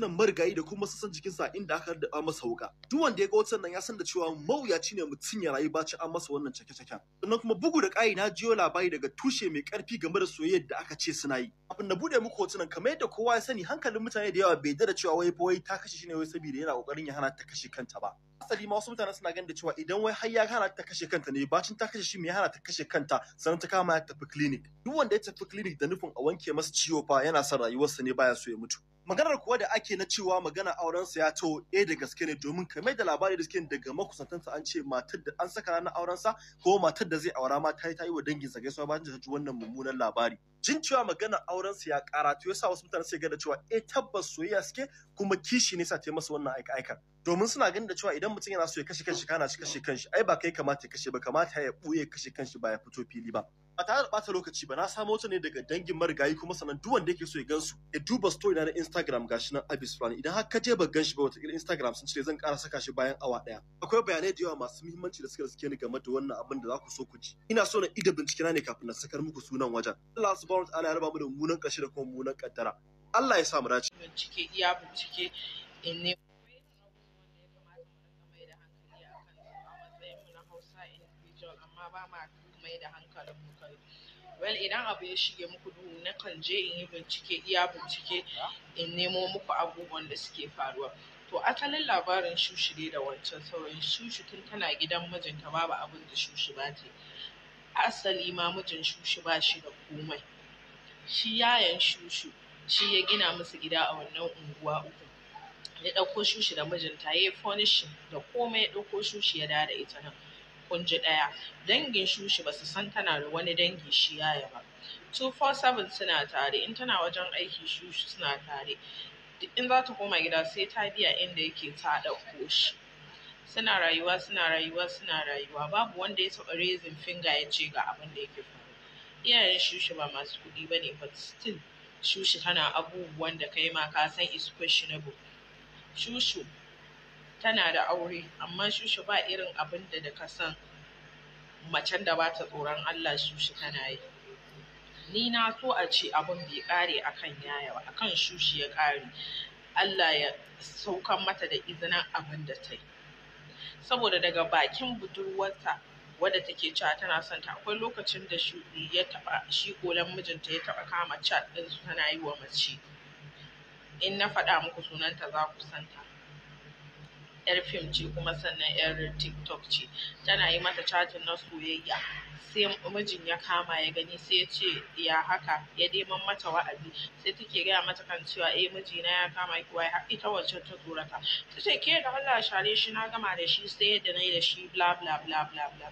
nan marigayi da kuma sassan jikinsa inda aka da masa wuka duk wanda ya ga wutan nan ya san da cewa mawuyaci ne mutum ya rayu bacin an masa wannan cake-caken sannan kuma bugu da ƙari na jiyo labari daga tushe mai ƙarfi game da soyayyar da aka ce suna yi abin da bude muku hotunan kamar yadda kowa ya sani hankalin mutane da yawa bai da cewa wai fa wai ta kashe shi ne wai saboda yana kokarin ya hana ta kashe kanta ba asali ma wasu mutane suna ganin da cewa idan wai har ya hana ta kashe kanta ne bacin ta kashe shi ya hana ta kashe kanta sannan ta kama ya tafi clinic duk wanda ya tafi clinic da nufin a wanke masa ciwo fa yana son rayuwarsa ne baya so ya mutu maganar kuwa da ake na cewa magana aurensa ya to eh da gaske ne domin kamar da labari da suke daga makusantansa an ce matar da an saka ranar aurensa ko matar da zai aura ma ta yi ta yi wa danginsa gaisuwa bayan da ta ji wannan mummunan labari jin cewa maganar aurensa ya to yasa wasu mutane sai gada cewa eh tabbas soyayya suke kuma kishi ne sa ta yi masa wannan aika aikar domin suna ganin da cewa idan mutum yana so ya kashe kanshi kana shi kashe kanshi ai ba kai kamata ya kashe ba kamata ya buye kashe kanshi ba ya fito fili ba ba tare da ta lokaci ba na samo ta ne daga dangin marigayi kuma sanan duk wanda yake so ya gansu ya duba story na na Instagram gashi nan Abis Rani idan har ka je ba gan shi ba wataƙila Instagram sun ce zan ƙara saka shi bayan awa ɗaya akwai bayanai da yawa masu muhimmanci da suka riske ni game da wannan abin da za ku so ku ji ina so na ida bincike na ne kafin na sakar muku sunan wajen Allah subhanahu wataala ya raba mu da munan ƙashi da kuma munan ƙaddara Allah ya sa mu dace bincike iya bincike in ne mai da hankalin mu kai well idan abu ya shige muku duhu na kan je in yi bincike iya bincike in nemo muku abubuwan da suke faruwa to asalin labarin shushi ne da wancan sauran shushi tun tana gidan mijinta babu abin da shushi ba ce. asali ma mijin shushi ba shi da komai shi yayan shushi shi ya gina musu gida a wannan unguwa uku ya ɗauko shushi da mijinta ya yi furnishing, da komai ya ɗauko shushi ya da ita nan kunji ɗaya dangin shushi ba su san tana da wani dangi shi yaya ba 247 suna tare in tana wajen aiki shushi suna tare in za ta koma gida sai ta biya inda yake ta ɗauko shi suna rayuwa suna rayuwa suna rayuwa babu wanda ya taɓa raising finger ya ce ga abin da yake faru iyayen shushi ba masu kuɗi ba ne but still shushi tana abubuwan da kai ma ka san is questionable shushu tana da aure amma shushu ba irin abin da da ka san macen da ba ta tsoron Allah shushu tana yi ni na so a ce abin bai kare akan yaya ba akan shushu ya kare Allah ya saukan mata da izinin abin da ta yi saboda daga bakin budurwarta wadda take cewa tana son ta akwai lokacin da shi ya taba shi kolan mijinta ya taba kama chat din su tana yi wa mace in na faɗa muku sunanta za ku santa yar fim ce kuma sannan yar tiktok ce tana yi mata cajin na soyayya sai mijin ya kama ya gani sai ya ce ya haka ya neman mata wa'azi sai take gaya mata kan cewa eh mijina ya kama ki wai ita wacce ta tsorata ta ce ke da Allah share shi na gama da shi sai yadda na da shi bla bla bla bla bla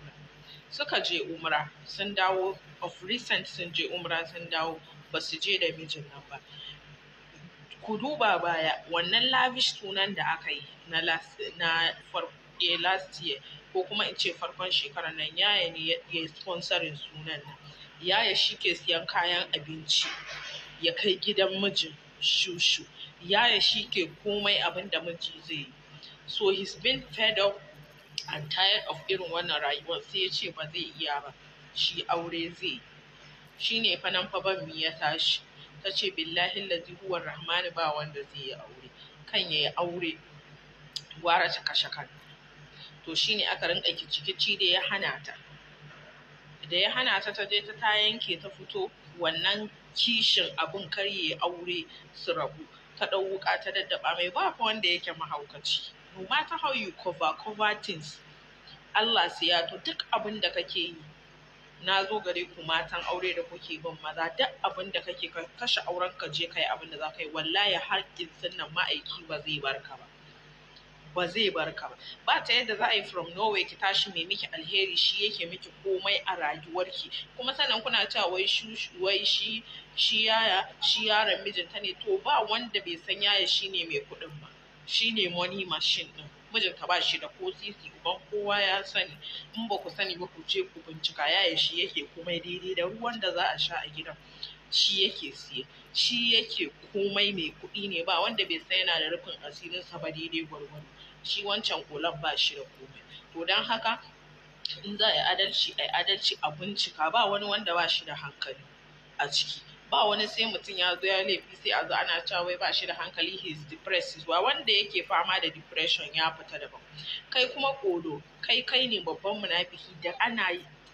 suka je umra sun dawo of recent sun je umra sun dawo ba su je da mijin nan ba ku duba baya wannan lavish tunan da aka yi na last na eh, last year ko kuma in ce farkon shekarar nan yaya ne ya sponsorin sunan nan yaya shi ke siyan kayan abinci ya kai gidan mijin shushu yaya shi ke komai abin da miji zai yi so he's been fed up and tired of irin wannan rayuwar sai ya ce ba zai iya ba shi aure zai yi. shi ne fa nan fa ban mi ya tashi ta ce billahi lazi rahmani ba wanda zai yi aure kan ya yi aure gwara ta kashe kanta to shine aka rinka kicikici da ya hana ta da ya hana ta ta je ta ta yanke ta fito wannan kishin abun karye aure su rabu ta ɗau wuka ta daddaba mai ba wanda yake mahaukaci no matter how you cover cover things Allah su ya to duk abin da kake yi na zo gare ku matan aure da kuke bin maza duk abin da kake kashe auren ka je kai abin da za ka yi wallahi har kinsin nan ma'aiki ba zai barka ba ba zai bar ka ba ba ta yadda za a yi from norway ki tashi mai miki alheri shi yake miki komai a rayuwar ki kuma sannan kuna cewa wai shi wai shi shi yaya shi yaron mijinta ne to ba wanda bai san yaya shine mai kuɗin ba shine money machine din mijinta ba shi da ko sisi uban kowa ya sani in ba ku sani ba ku je ku bincika yaya shi yake komai daidai da ruwan da za a sha a gidan shi yake siye shi yake komai mai kuɗi ne ba wanda bai san yana da rufin asirinsa ba daidai gwargwado shi wancan kulan ba shi da komai to don haka in za a yi adalci a adalci a bincika ba wani wanda ba shi da hankali a ciki ba wani sai mutum ya zo ya laifi sai a zo ana cewa wai ba shi da hankali he is depressed wa wanda yake fama da depression ya fita daban kai kuma kodo kai kai ne babban munafiki da ana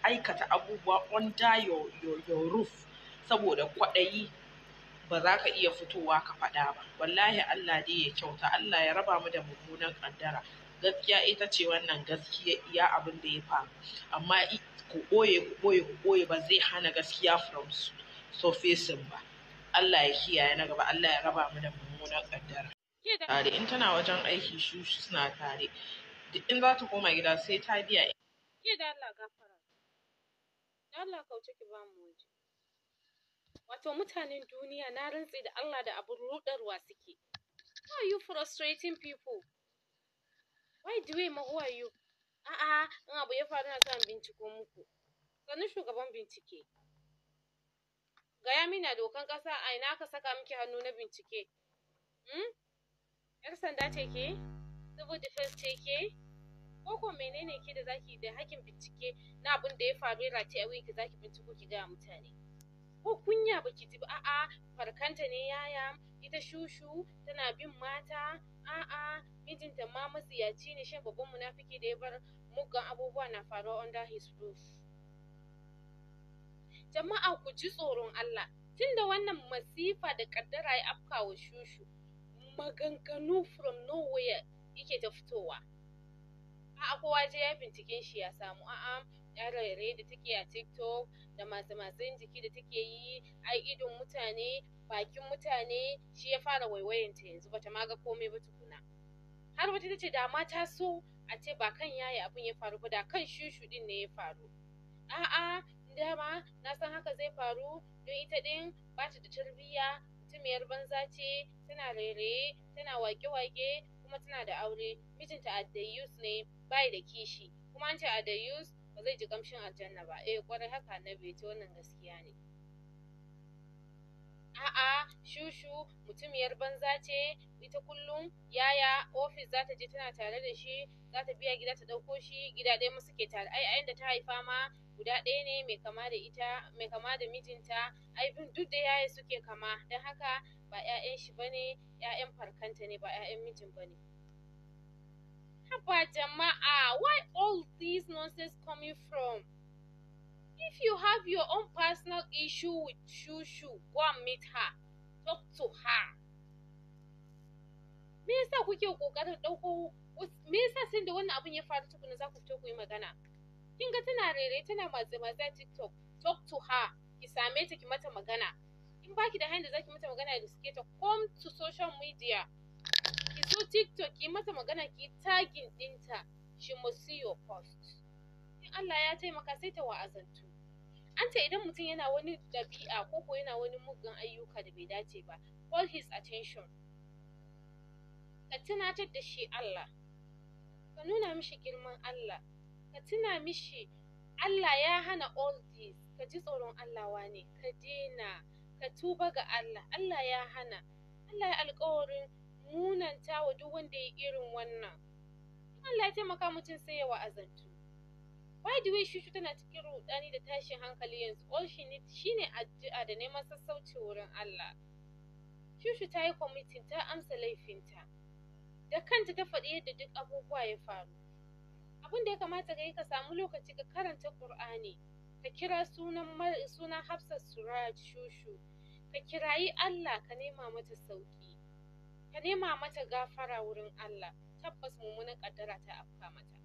aikata abubuwa under your, your roof saboda kwaɗayi ba za ka iya fitowa ka faɗa ba wallahi Allah dai ya kyauta Allah ya raba mu da mummunan kaddara gaskiya ita ce wannan gaskiya iya abin da ya faru amma ku ɓoye ku ɓoye ku ɓoye ba zai hana gaskiya from surfacing ba Allah ya kiyaye na gaba Allah ya raba mu da mummunan kaddara tare in tana wajen aiki shi suna tare in za ta koma gida sai ta biya ke da Allah gafara da Allah kauce ki ba mu waje Wato mutanen duniya na rantse da Allah da abun ruɗarwa suke. How are you frustrating people? Why do we who are you? A'a, in abu ya faru na zan binciko muku. Sannu shugaban bincike. Gaya mina dokan kasa, a ina aka saka miki hannu na bincike. Hmm? ‘Yar sanda ce ke? Civil defense ce ke? Ko ko menene ke da zaki da hakkin bincike na abin da ya faru ya rataye a wuyanki zaki binciko ki gaya mutane? ko kunya baki ji ba a'a farkanta ne yaya ita shushu tana bin mata a'a mijinta ma matsiyaci ne shan babban munafiki da ya bar muggan abubuwa na faruwa under his roof jama'a ku ji tsoron Allah tunda wannan masifa da kaddara ya afka wa shushu maganganu from nowhere yake ta fitowa a'a kowa je ya binciken shi ya samu a'a yan da take a tiktok da masu masun jiki da take yi a idon mutane bakin mutane shi ya fara waiwayenta yanzu bata ma ga komai ba tukuna har wata tace ce da ma ta so a ce ba kan yayi abun ya faru ba da kan shushu ɗin ne ya faru a'a dama na san haka zai faru don ita din bata da tarbiyya mutumiyar banza ce tana raye tana wake-wake kuma tana da aure mijinta youth ne bai da kishi kuma an ce Yus. ba zai ji kamshin aljanna ba eh kwarai haka na yace wannan gaskiya ne a'a shushu mutumiyar banza ce ita kullum yaya ofis za ta je tana tare da shi za ta biya gida ta ɗauko shi gida ɗaya musu ke tare ai ayin da ta haifa ma guda ɗaya ne mai kama da ita mai kama da mijinta ai bin duk da yaya suke kama don haka ba 'ya'yan shi bane 'ya'yan farkanta ne ba 'ya'yan mijin bane Haba jama'a, why all this nonsense coming from? If you have your own personal issue with Shushu, go and meet her. Talk to her. Me yasa kuke kokarin dauko me yasa sai da wannan abun ya faru tukuna za ku fito ku yi magana? Kin ga tana rere tana matse matse TikTok. Talk to her. Ki same ta ki mata magana. In baki da hanyar da zaki mata magana da suke ta come to social media. ki zo tiktok ki mata magana ki tagin ɗinta she must see your post in Allah ya taimaka sai ta wa'azantu an ce idan mutum yana wani dabi'a ko ko yana wani muggan ayyuka da bai dace ba call his attention ka tunatar da shi Allah ka nuna mishi girman Allah ka tuna mishi Allah ya hana all this ka ji tsoron Allah wane ka dena ka tuba ga Allah Allah ya hana Allah ya alƙawarin munanta wa duk wanda ya irin wannan Allah ya taimaka mutum sai ya wa'azantu why the way shushu tana cikin rudani da tashin hankali yanzu all she need shine addu'a da neman sassauci wurin Allah shushu ta yi kwamitin ta amsa laifinta da kanta ta faɗi yadda duk abubuwa ya faru abin da ya kamata yi ka samu lokaci ka karanta Qur'ani ka kira sunan sunan Hafsat Suraj Shushu ka kirayi Allah ka nema mata sauki ka nema mata gafara wurin Allah tabbas mummunan ƙaddara ta afka mata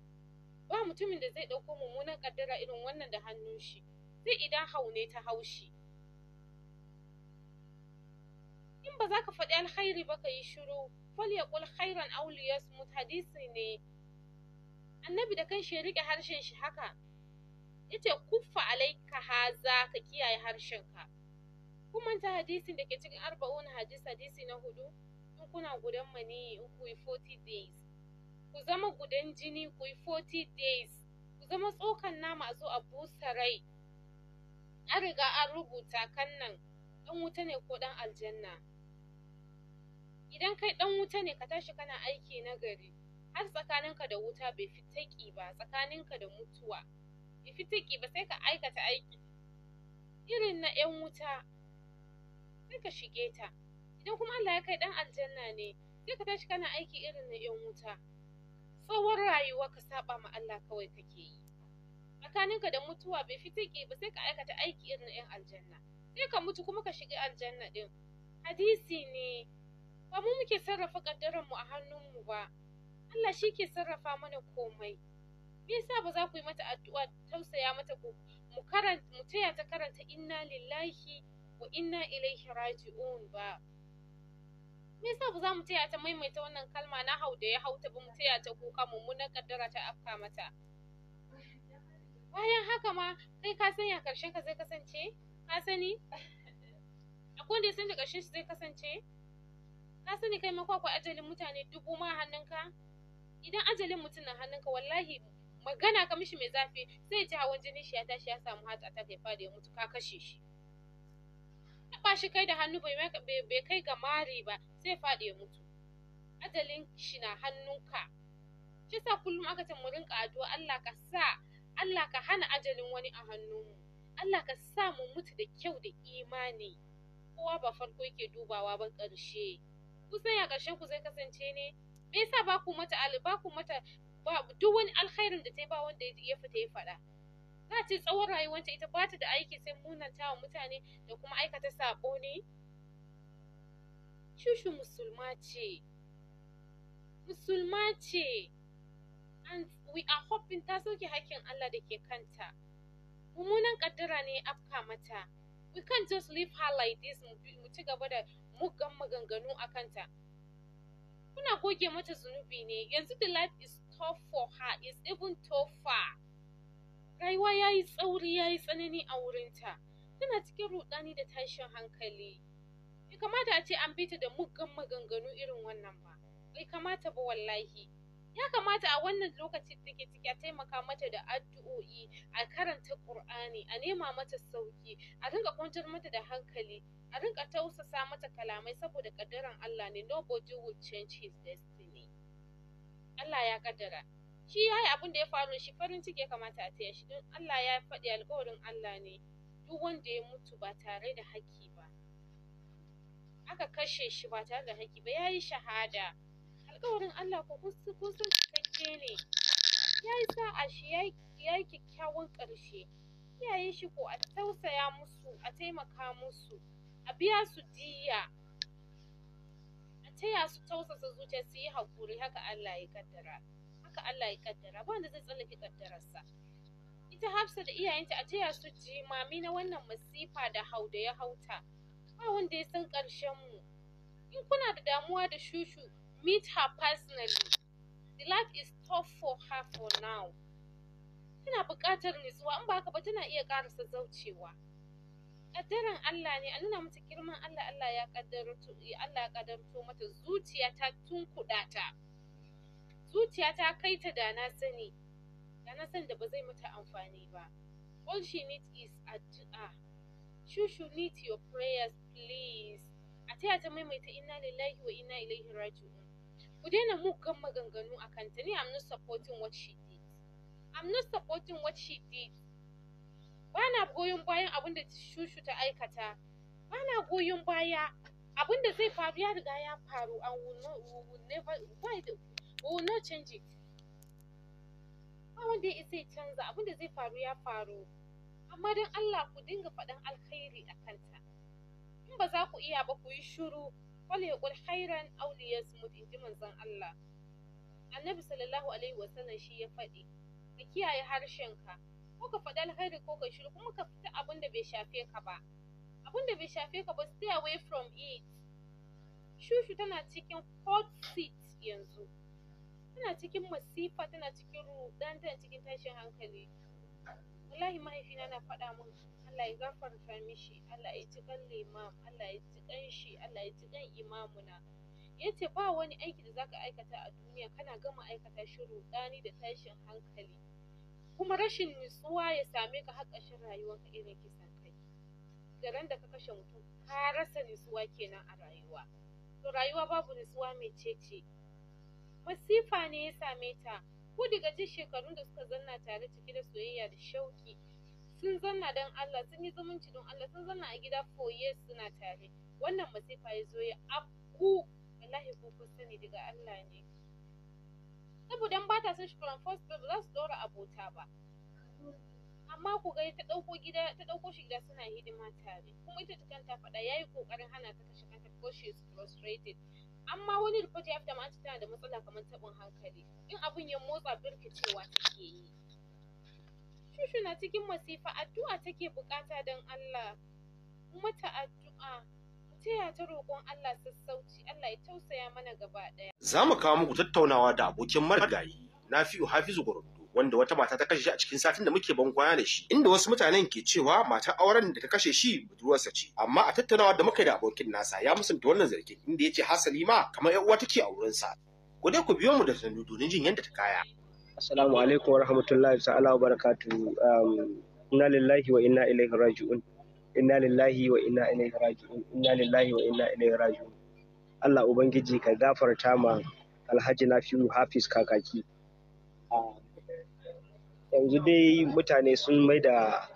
ba mutumin da zai ɗauko mummunan kaddara irin wannan da hannun shi sai idan haune ta haushi in ba za ka faɗi alkhairi ba ka yi shiru fal ya ƙul khairan auli yasmut hadisi ne annabi da kanshi ya riƙe harshen shi haka yace kuffa alaika haza ka kiyaye harshen ka kuma manta hadisin da ke cikin arba'un hadis hadisi na hudu in kuna gudan maniyi in ku yi 40 days ku zama gudan jini ku yi 40 days ku zama tsokan nama a zo a busa rai an riga an rubuta kan nan dan wuta ne ko dan aljanna idan kai dan wuta ne ka tashi kana aiki na gari har tsakaninka da wuta bai fi taƙi ba tsakaninka da mutuwa bai fi taƙi ba sai ka aikata aiki irin na 'yan wuta sai ka shige ta idan kuma Allah ya kai dan aljanna ne sai ka tashi kana aiki irin na yan wuta tsawon rayuwa ka saba ma Allah kawai kake yi ka da mutuwa bai fi take ba sai ka aikata aiki irin na yan aljanna sai ka mutu kuma ka shiga aljanna din hadisi ne ba mu muke sarrafa kaddaran mu a hannun mu ba Allah shi ke sarrafa mana komai me yasa ba za ku yi mata addu'a tausaya mata ku mu karanta mu taya ta karanta inna lillahi wa inna ilaihi raji'un ba me yasa ba za mu taya ta maimaita wannan kalma na hau da ya hauta ba mu taya ta kuka mummunar kaddara ta afka mata bayan haka ma kai ka sanya karshen ka zai kasance ka sani akwai wanda ya san da karshen shi zai kasance ka sani kai ma akwai ajalin mutane dubu ma hannunka idan ajalin mutum na hannunka wallahi magana ka mishi mai zafi zai ji hawan jinin shi ya tashi ya samu hatsa ta kai fada ya mutu ka kashe shi ba shi kai da hannu bai kai ga mari ba sai faɗi ya mutu ajalin shi na hannunka shi sa kullum aka ce mu rinka addu'a Allah ka sa Allah ka hana ajalin wani a hannunmu Allah ka sa mu mutu da kyau da imani kowa ba farko yake dubawa ba ƙarshe kusan ya ƙarshen ku zai kasance ne me yasa ba ku mata ba ku mata ba duk wani alkhairin da ta ba wanda ya fita ya faɗa za ce tsawon rayuwarta ita ba ta da aiki sai munanta wa mutane da kuma aikata saɓo ne shushu musulma ce musulma ce and we are hoping ta sauke hakkin Allah da ke kanta mummunan kaddara ne ya afka mata we can't just leave her like this mu ci gaba da muggan maganganu a kanta kuna goge mata zunubi ne yanzu the life is tough for her is even tougher Rayuwa ya yi tsauri ya yi tsanani a wurinta, tana cikin ruɗani da tashin hankali. Bai kamata a ce an bi ta da muggan maganganu irin wannan ba, bai kamata ba wallahi. Ya kamata a wannan lokacin da take ciki a taimaka mata da addu'o'i, a karanta Ƙur'ani, a nema mata sauki, a rinka kwantar mata da hankali, a rinka tausasa mata kalamai saboda kaddaran Allah ne, nobody will change his destiny. Allah ya ƙaddara. shi yayi abin da ya faru da shi farin ciki ya kamata a taya shi don Allah ya faɗi alƙawarin Allah ne duk wanda ya mutu ba tare da haƙƙi ba aka kashe shi ba tare da haƙƙi ba yayi shahada alƙawarin Allah ko kun san cikakke ne yayi sa'a shi yayi kyakkyawan ƙarshe iyayen shi ko a tausaya musu a taimaka musu a biya su diya a taya su tausasa zuciya su yi haƙuri haka Allah ya kaddara haka Allah ya kaddara ba wanda zai tsallake kaddararsa ita Hafsa da iyayenta a taya su jimami na wannan masifa da hau da ya hauta ba wanda ya san ƙarshen mu in kuna da damuwa da shushu meet her personally the life is tough for her for now tana buƙatar nutsuwa in ba haka ba tana iya ƙarasa zaucewa kaddaran Allah ne a nuna mata girman Allah Allah ya kaddarto Allah ya kaddarto mata zuciya ta tunkuɗa ta Zuciya ta kai ta da na sani, da na sani da ba zai mata amfani ba. All she needs is addu'a. She should need your prayers, please. A taya ta maimaita inna lillahi wa inna ilaihi raji'un. Ku daina mugan maganganu a kanta ni I'm not supporting what she did. I'm not supporting what she did. Ba na goyon bayan abin da shushu ta aikata. Ba na goyon baya abin da zai faru ya riga ya faru and we will, never why the oh no canji ba wanda ya isa ya canza abin da zai faru ya faru amma don Allah ku dinga faɗan alkhairi a kanta in ba za ku iya ba ku yi shiru wal yaqul khairan aw liyasmut inji manzon Allah annabi sallallahu alaihi sallam, shi ya faɗi ka kiyaye harshenka ko ka faɗi alkhairi ko ka shiru kuma ka fita abin da bai shafe ka ba abin da bai shafe ka ba stay away from it shushu tana cikin hot seat yanzu tana cikin masifa tana cikin ruɗan tana cikin tashin hankali wallahi mahaifina na faɗa min Allah ya gafarta mishi Allah ya ji kan limam Allah ya ji kan shi Allah ya ji kan imamuna yace ba wani aiki da zaka aikata a duniya kana gama aikata shi ruɗani da tashin hankali kuma rashin nutsuwa ya same ka har ƙarshen rayuwarka irin kisan kai da ran da ka kashe mutum ka rasa nutsuwa kenan a rayuwa to rayuwa babu nutsuwa mai cece masifa ne ya same ta ko daga jin shekarun da suka zanna tare cike da soyayya da shauki sun zanna don Allah sun yi zumunci don Allah sun zanna a gida for years suna tare wannan masifa ya zo ya afku wallahi ko kun sani daga Allah ne saboda ba ta son shi from first ba za su dora abota ba amma ku ga ta ɗauko gida ta dauko shi gida suna hidima tare kuma ita ta kanta faɗa yayi kokarin hana ta kashe kanta because she is frustrated amma wani report ya fita ma'anta tana da matsala kamar taɓin hankali in abun ya motsa birki cewa take yi shushu na cikin masifa addu'a take buƙata don Allah mata addu'a taya ta roƙon Allah sassauci Allah ya tausaya mana gaba ɗaya za mu kawo muku tattaunawa da abokin marigayi Nafi'u Hafizu Gurundu wanda wata mata ta kashe shi a cikin satin da muke ban kwana da shi inda wasu mutanen ke cewa matar auren da ta kashe shi budurwarsa ce amma a tattaunawa da muka da abokin nasa ya musanta wannan zargin inda ya ce hasali ma kamar yan uwa take a wurinsa ku dai ku biyo mu da sandu domin jin yadda ta kaya assalamu alaikum warahmatullahi ta'ala wabarakatuh um, inna lillahi wa inna ilaihi raji'un inna lillahi wa inna ilaihi raji'un inna lillahi wa inna ilaihi raji'un Allah ubangiji ka gafarta ma Alhaji Nafi'u Hafiz kakaki yanzu dai mutane sun mai da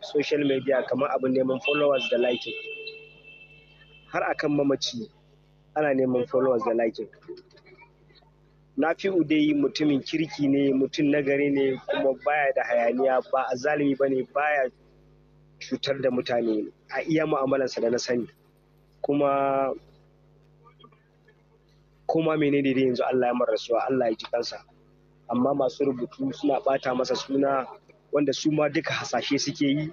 social media kamar abin neman followers da liking har akan mamaci ana neman followers da liking na fi dai mutumin kirki ne mutum nagari ne kuma baya da hayaniya ba a zalimi ba ne baya cutar da mutane a iya mu'amalarsa da na sani kuma kuma menene dai yanzu Allah ya mara rasuwa Allah ya ji kansa amma masu rubutu suna ɓata masa suna wanda su ma duka hasashe suke yi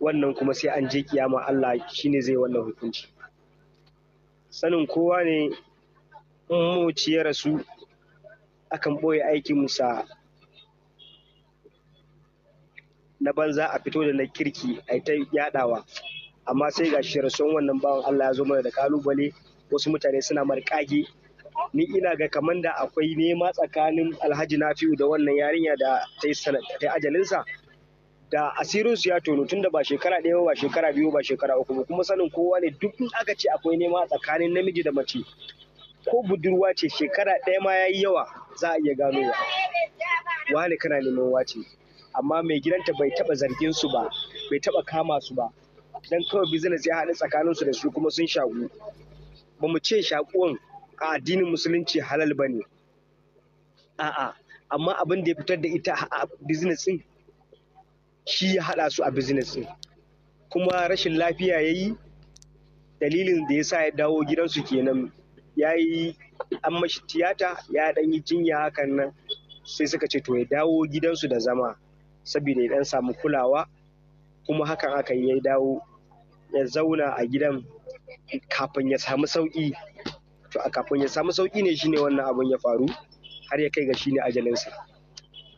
wannan kuma sai an je kiyama Allah shine zai wannan hukunci sanin kowa ne in mu ya rasu akan boye aikin aikinsa na banza a fito da na kirki a ta yadawa amma sai ga shi wannan bawan Allah ya zo mana da kalubale wasu mutane suna marƙage ni ina ga kamar da akwai nema tsakanin alhaji nafi'u da wannan yarinya da ta yi ajalinsa da asirinsu ya tono tun da ba shekara ɗaya ba shekara biyu ba shekara uku ba kuma sanin kowa ne duk in aka ce akwai nema tsakanin namiji da mace ko budurwa ce shekara ɗaya ma ya yi yawa za a iya gano wa wani kana neman wace amma mai gidanta bai taba zargin su ba bai taba kama su ba dan kawai business ya haɗu tsakaninsu da su kuma sun shagu ba mu ce shakuwan a addinin musulunci halal ba ne a'a amma abin da ya fitar da ita a business din shi ya haɗa su a business din kuma rashin lafiya ya yi dalilin da ya sa ya dawo gidansu kenan ya yi an mashi tiyata ya ɗan yi jinya hakan nan sai suka ce to ya dawo gidansu da zama saboda ya ɗan samu kulawa kuma hakan aka yi ya dawo ya zauna a gidan kafin ya samu sauki to a kafin ya samu sauki ne shine wannan abun ya faru har ya kai ga shine ajalinsa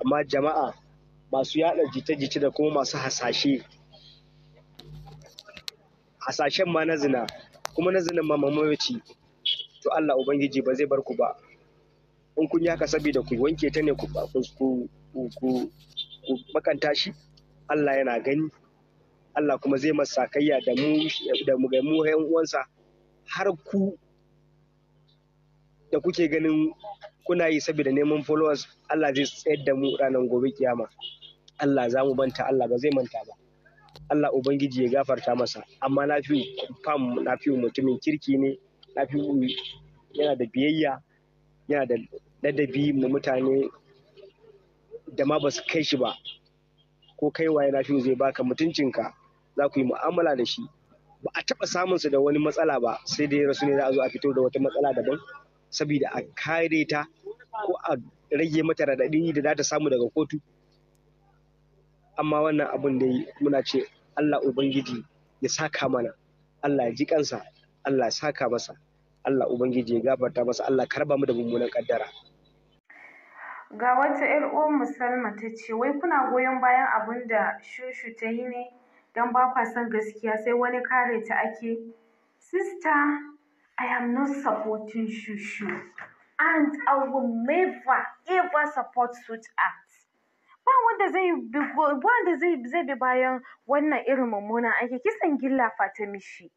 amma jama'a masu yada jita-jita da kuma masu hasashe hasashen ma na zina kuma na zinin ma mamaci to Allah ubangiji ba zai bar ku ba in kun yi haka saboda ku wanke ta ne ku ku makanta shi Allah yana gani Allah kuma zai masa kayya da mu da mu ga mu uwansa har ku da kuke ganin kuna yi saboda neman followers Allah zai tsayar da mu ranar gobe kiyama Allah za mu manta Allah ba zai manta ba Allah ubangiji ya gafarta masa amma na fi fam na fi mutumin kirki ne na fi yana da biyayya yana da ladabi mu mutane da ma ba su kai shi ba ko kai waye na zai baka mutuncinka za ku yi mu'amala da shi ba a taɓa samunsa da wani matsala ba sai dai rasu ne za a zo a fito da wata matsala daban saboda a kare ta ko a rage mata raɗaɗi da za ta samu daga kotu amma wannan abin da muna ce Allah Ubangiji ya saka mana Allah ya ji kansa Allah ya saka masa Allah Ubangiji ya gafarta masa Allah karba mu da mummunan kaddara ga wata yar uwar musalma ta ce wai kuna goyon bayan abin da shushu ta yi ne don ba kwa son gaskiya sai wani kare ta ake sista I am not supporting Shushu and I will never ever support such acts. Ba wanda zai bi wanda zai zai bi bayan wannan irin mummunan aiki kisan gilla fa ta mishi.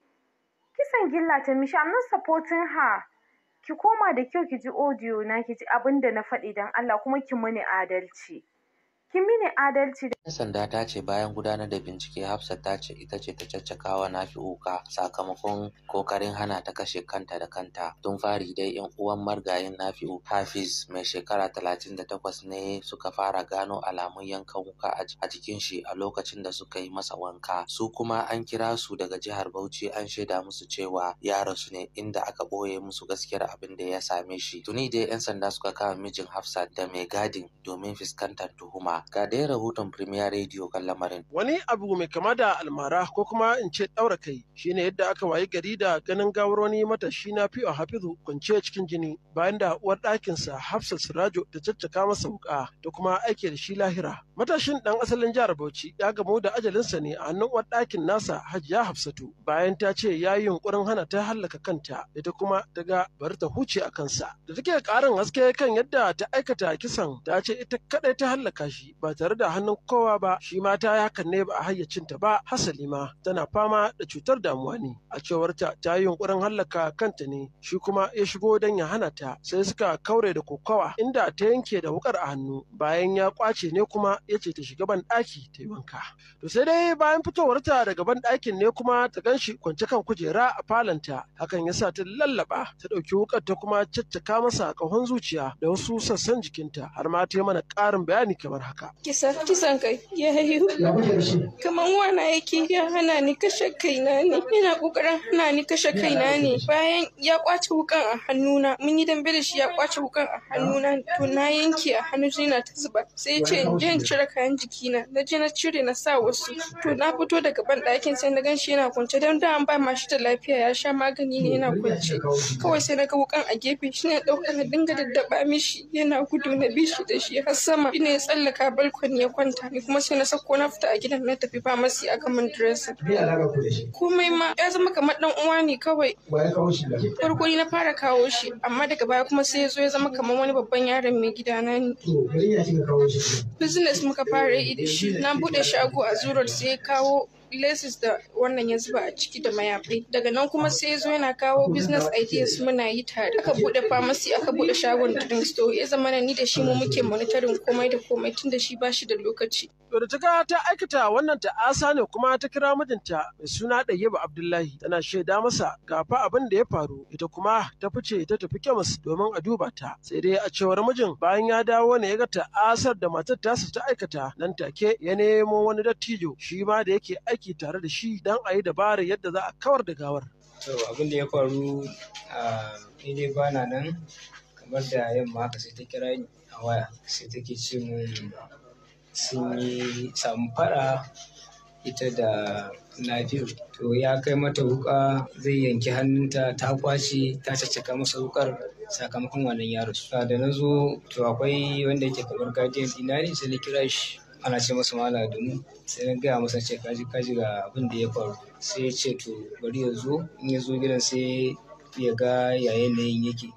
Kisan gilla ta mishi I'm not supporting her. Ki koma da kyau ki ji audio na ki ji abin da na faɗi don Allah kuma ki muni adalci. Kimi ne adalci da 'yan sanda ta ce bayan gudanar da bincike Hafsat ta ce ita ce ta caccakawa Nafi'u uka, sakamakon kokarin hana ta kashe kanta da kanta tun fari dai yan uwan margayin uka, Hafiz mai shekara talatin da 38 ne suka fara gano alamun yankan wuka a jikin shi a lokacin da suka yi masa wanka su kuma an kira su daga jihar Bauchi an shaida musu cewa ya rasu ne inda aka boye musu gaskiyar abin da ya same shi tuni dai yan sanda suka kama mijin hafsa da mai gadin domin fuskantar tuhuma ga dai rahoton Premier Radio kan lamarin. Wani abu mai kama da almara ko kuma in ce ɗaura kai shine yadda aka wayi gari da ganin gawar wani matashi na a hafizu kwance cikin jini bayan da uwar ɗakinsa hafsa Sirajo ta caccaka masa wuƙa da kuma aiki da shi lahira. Matashin ɗan asalin jihar Bauchi ya gamu da ajalinsa ne a hannun uwar ɗakin nasa Hajiya Hafsatu bayan ta ce ya yi yunƙurin hana ta hallaka kanta ita kuma ta ga bari ta huce a kansa. Da take ƙarin haske kan yadda ta aikata kisan ta ce ita kaɗai ta hallaka shi ba tare da hannun kowa ba shi mata ya kan hakan ne ba a hayyacinta ba hasali ma tana fama da cutar damuwa ne a cewar ta yi yunkurin hallaka kanta ne shi kuma ya shigo don ya hana ta sai suka kaure da kokawa inda ta yanke da wukar a hannu bayan ya kwace ne kuma ya ce ta shiga banɗaki ɗaki ta yi wanka to sai dai bayan fitowar ta daga ban ne kuma ta ganshi kwance kan kujera a falanta hakan ya sa ta lallaba ta ɗauki wukar ta kuma caccaka masa ƙahon zuciya da wasu sassan jikinta har ma ta yi mana ƙarin bayani kamar haka haka kisa kisan kai ya haihu kamar wana yake ya hana ni kashe kaina ne Ina kokarin hana ni kashe kaina ne bayan ya kwace wukan a hannuna mun yi dambe da shi ya kwace wukan a hannuna to na yanke a hannu na ta zuba sai ya ce in je in cire kayan jikina na je na cire na sa wasu to na fito daga ban ɗakin sai na ganshi yana kwance don da an ba ma shi da lafiya ya sha magani ne yana kwance kawai sai na ga wukan a gefe shi ne ɗauka na dinga daddaba mishi yana gudu na bi shi da shi har sama shi ne ya tsallaka a balkon ya kwanta ni kuma sai na sako na fita a gidan na tafi famasi a gaman dressing komai ma ya zama kamar dan uwa ne kawai farko ni na fara kawo shi amma daga baya kuma sai ya zo ya zama kamar wani babban yaron mai gida gidana ne business muka fara yi da shi na bude shago a zurar sai ya kawo places da wannan ya zuba a ciki da mayafi. daga nan kuma sai zo yana kawo business ideas muna yi tare aka bude pharmacy aka bude shagon drink store ya zama ni da shi mu muke monitoring komai da komai tun da shi bashi da lokaci Birjika ta aikata wannan ta'asa ne kuma ta kira mijinta mai suna Ɗayyaba Abdullahi tana shaida masa ga abin da ya faru ita kuma ta fice ta tafi kemis domin a duba ta sai dai a cewar mijin bayan ya dawo ne ya ga ta'asar da matar tasa ta aikata nan take ya nemo wani dattijo shi ma da yake aiki tare da shi don a yi dabarar yadda za a kawar da gawar. To abin da ya faru a ne bana nan kamar da yamma haka sai ta kira ni a waya sai take ce mun sun yi samu faɗa ita da nafi'u to ya kai mata wuka zai yanki hannunta ta kwashe ta caccaka masa wukar sakamakon wannan yaro da na zo to akwai wanda yake kamar gajiyar dina ne sai na kira shi ana ce masa mala domin sai na gaya masa ce kaji kaji ga abin da ya faru sai ya ce to bari ya zo in ya zo gidan sai ya ga yayin da yake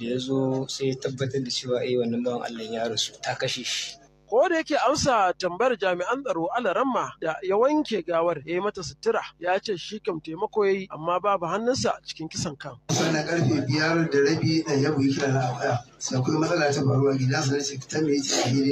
da ya zo sai ya tabbatar da cewa eh wannan bawan Allah ya rasu ta kashe shi ko da yake amsa tambayar jami'an tsaro alaramma da ya wanke gawar ya yi mata sutura ya ce shi kam taimako ya yi amma babu hannunsa cikin kisan kan. na karfe biyar da rabi ɗan yau ya kira na waya, Sai akwai matsala ta faruwa gidansa na ce ta me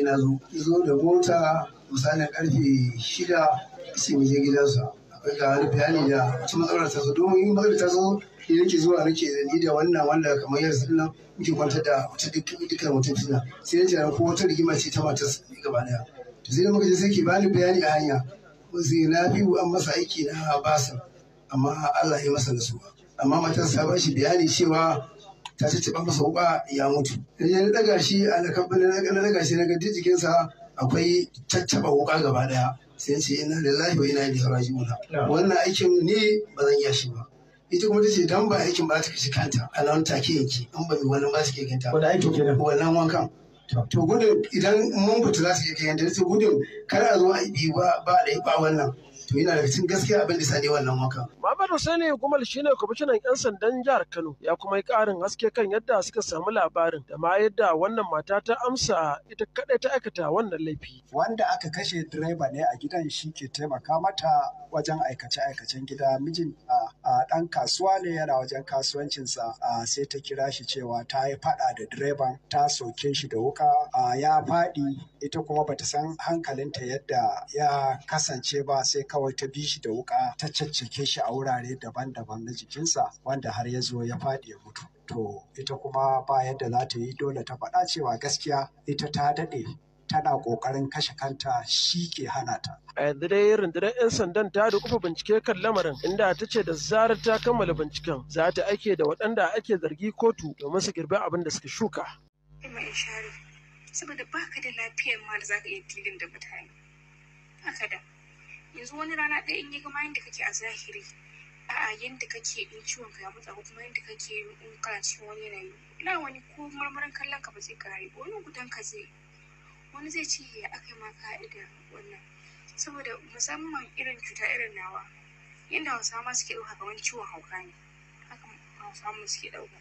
a na zo. Zo da mota na karfe shida sai mu je gidansa. ga wani bayani da ci matsalar ta zo domin matsalar ta zo ni nake zuwa nake da ni da wannan wanda kamar yanzu nan muke kwantar da wata dukkan mutum suna sai na jira ko wata rigima ce ta matar ne gaba daya to sai muka je sai ke bani bayani a hanya sai na fi an masa aiki na basa amma Allah ya masa nasuwa amma matar sa ba shi bayani cewa ta ci taba masa wuka ya mutu na daga shi a na daga shi na ga jikinsa akwai caccaba wuka gaba daya sai ce ina lillahi wa ina ilaihi raji'un wannan aikin ne ba zan iya shi ba ita kuma tace dan ba aikin ba ta kashi kanta a nan take yanki an ba mi wannan ba su ke kanta wannan aikin kenan wannan wankan to gudun idan mun fita za su kai yanda su gudun kar a zo a bi ba ba da ba wannan to yana da cikin gaskiya abin da sani wannan waka Muhammad Hussaini Gumal shine kwamishinan yan sandan jihar Kano ya kuma yi karin haske kan yadda suka samu labarin da ma yadda wannan mata ta amsa ita kadai ta aikata wannan laifi wanda aka kashe direba ne a gidan shi ke taimaka mata wajen aikace-aikacen gida mijin a dan kasuwa ne yana wajen kasuwancinsa sai ta kira shi cewa ta yi fada da direban ta soke shi da wuka haka ya faɗi ita kuma bata san hankalinta yadda ya kasance ba sai kawai ta bi shi da wuka ta caccake shi a wurare daban-daban na jikinsa wanda har ya zo ya faɗi ya mutu. To ita kuma ba yadda za ta yi dole ta faɗa cewa gaskiya ita ta daɗe tana ƙoƙarin kashe kanta shi ke hana ta. A yanzu dai rindirar 'yan sandan ta dukufa bincike kan lamarin inda ta ce da zarar ta kammala binciken za ta aike da waɗanda ake zargi kotu domin su girbi abin da suka shuka. saboda ba ka da lafiyar ma da za ka iya dilin da mutane Ba ka da yanzu wani rana ɗaya in yi gama yadda kake a zahiri a'a yadda kake in ciwon ka ya mutu, ko kuma yadda kake in kana cikin wani yanayi ina wani ko marmarin kallon ka ba zai kare ba wani gudan ka zai wani zai ce ya aka ma ka'ida wannan saboda musamman irin cuta irin nawa yadda wasu ma suke ɗauka kamar ciwon hauka ne haka wasu ma suke ɗauka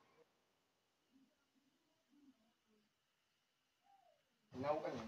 人家我感觉。